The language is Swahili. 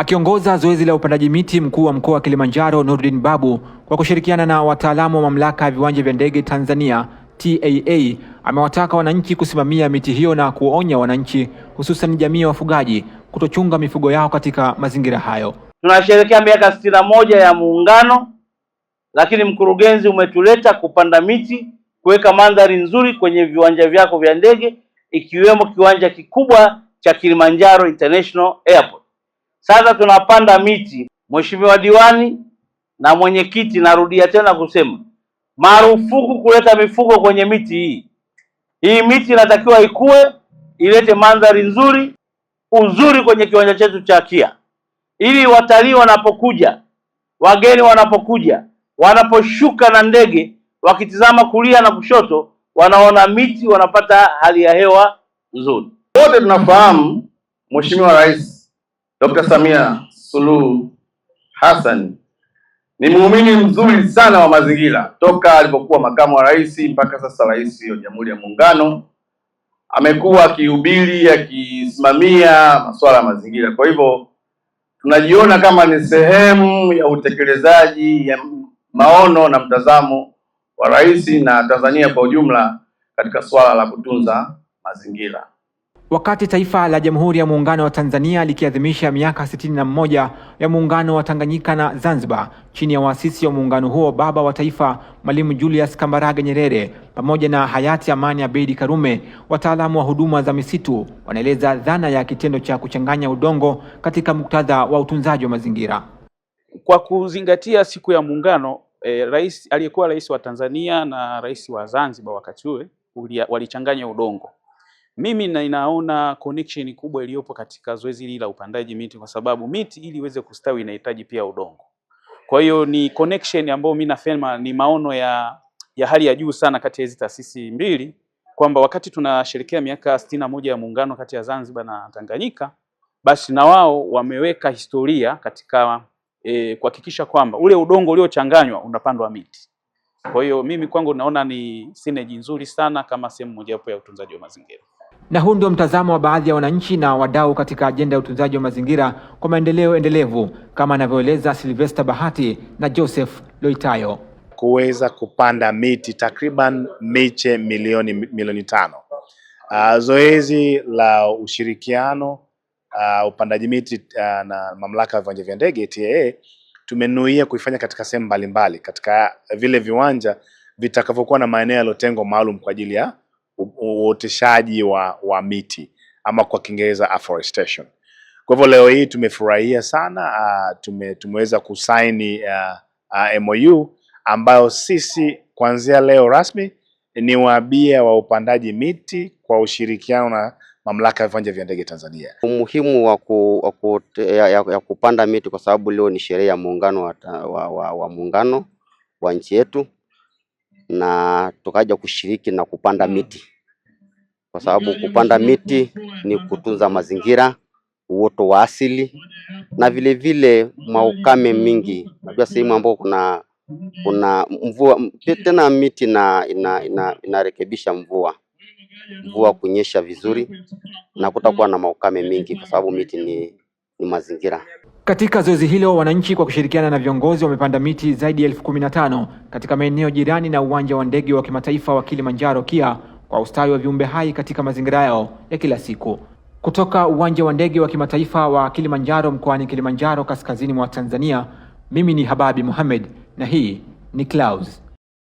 Akiongoza zoezi la upandaji miti, mkuu wa mkoa wa Kilimanjaro Nurdin Babu kwa kushirikiana na wataalamu wa mamlaka ya viwanja vya ndege Tanzania TAA amewataka wananchi kusimamia miti hiyo na kuonya wananchi, hususan jamii ya wafugaji kutochunga mifugo yao katika mazingira hayo. Tunasherehekea miaka sitini na moja ya Muungano, lakini mkurugenzi, umetuleta kupanda miti, kuweka mandhari nzuri kwenye viwanja vyako vya ndege, ikiwemo kiwanja kikubwa cha Kilimanjaro International Airport. Sasa tunapanda miti. Mheshimiwa diwani na mwenyekiti, narudia tena kusema marufuku kuleta mifugo kwenye miti hii. Hii miti inatakiwa ikue, ilete mandhari nzuri, uzuri kwenye kiwanja chetu cha KIA, ili watalii wanapokuja, wageni wanapokuja, wanaposhuka na ndege, wakitizama kulia na kushoto, wanaona miti, wanapata hali ya hewa nzuri. Wote tunafahamu Mheshimiwa Rais Dr. Samia Suluhu Hassan ni muumini mzuri sana wa mazingira toka alipokuwa makamu wa rais mpaka sasa rais wa Jamhuri ya Muungano, amekuwa akihubiri akisimamia masuala ya mazingira. Kwa hivyo tunajiona kama ni sehemu ya utekelezaji ya maono na mtazamo wa rais na Tanzania kwa ujumla katika suala la kutunza mazingira. Wakati taifa la Jamhuri ya Muungano wa Tanzania likiadhimisha miaka 61 ya muungano wa Tanganyika na Zanzibar chini ya waasisi wa muungano huo, baba wa taifa Mwalimu Julius Kambarage Nyerere pamoja na hayati Amani Abeid Karume, wataalamu wa huduma za misitu wanaeleza dhana ya kitendo cha kuchanganya udongo katika muktadha wa utunzaji wa mazingira. Kwa kuzingatia siku ya muungano, eh, rais aliyekuwa rais wa Tanzania na rais wa Zanzibar wakati ule walichanganya udongo mimi ninaona connection kubwa iliyopo katika zoezi hili la upandaji miti kwa sababu miti ili iweze kustawi inahitaji pia udongo. Kwa hiyo ni connection ambayo mimi nafema ni maono ya ya hali ya juu sana kati ya hizi taasisi mbili kwamba wakati tunasherehekea miaka sitini na moja ya muungano kati ya Zanzibar na Tanganyika, basi na wao wameweka historia katika e, kuhakikisha kwamba ule udongo uliochanganywa unapandwa miti. Kwa hiyo mimi kwangu naona ni sinergy nzuri sana kama sehemu mojawapo ya utunzaji wa mazingira. Na huu ndio mtazamo wa baadhi ya wananchi na wadau katika ajenda ya utunzaji wa mazingira kwa maendeleo endelevu, kama anavyoeleza Silvester Bahati na Joseph Loitayo. Kuweza kupanda miti takriban miche milioni milioni tano. Uh, zoezi la ushirikiano uh, upandaji miti uh, na mamlaka ya viwanja vya ndege TAA tumenuia kuifanya katika sehemu mbalimbali katika vile viwanja vitakavyokuwa na maeneo yaliyotengwa maalum kwa ajili ya uoteshaji wa, wa miti ama kwa Kiingereza afforestation. Kwa hivyo leo hii tumefurahia sana uh, tume, tumeweza kusaini uh, uh, MOU ambayo sisi kuanzia leo rasmi ni wabia wa upandaji miti kwa ushirikiano na mamlaka ya viwanja vya ndege Tanzania. Umuhimu wa ku, wa ku, ya, ya, ya kupanda miti kwa sababu leo ni sherehe ya muungano wa, wa, wa, wa muungano wa nchi yetu na tukaja kushiriki na kupanda mm. miti, kwa sababu kupanda miti ni kutunza mazingira, uoto wa asili na vile vile maukame mingi. Unajua sehemu ambayo kuna kuna mvua tena, miti na ina, ina, inarekebisha mvua mvua kunyesha vizuri na kutakuwa na maukame mingi, kwa sababu miti ni, ni mazingira. Katika zoezi hilo, wananchi kwa kushirikiana na viongozi wamepanda miti zaidi ya elfu kumi na tano katika maeneo jirani na uwanja wa ndege wa kimataifa wa Kilimanjaro KIA kwa ustawi wa viumbe hai katika mazingira yao ya kila siku. Kutoka uwanja wa ndege wa kimataifa wa Kilimanjaro mkoani Kilimanjaro kaskazini mwa Tanzania, mimi ni Hababi Mohamed na hii ni Clouds.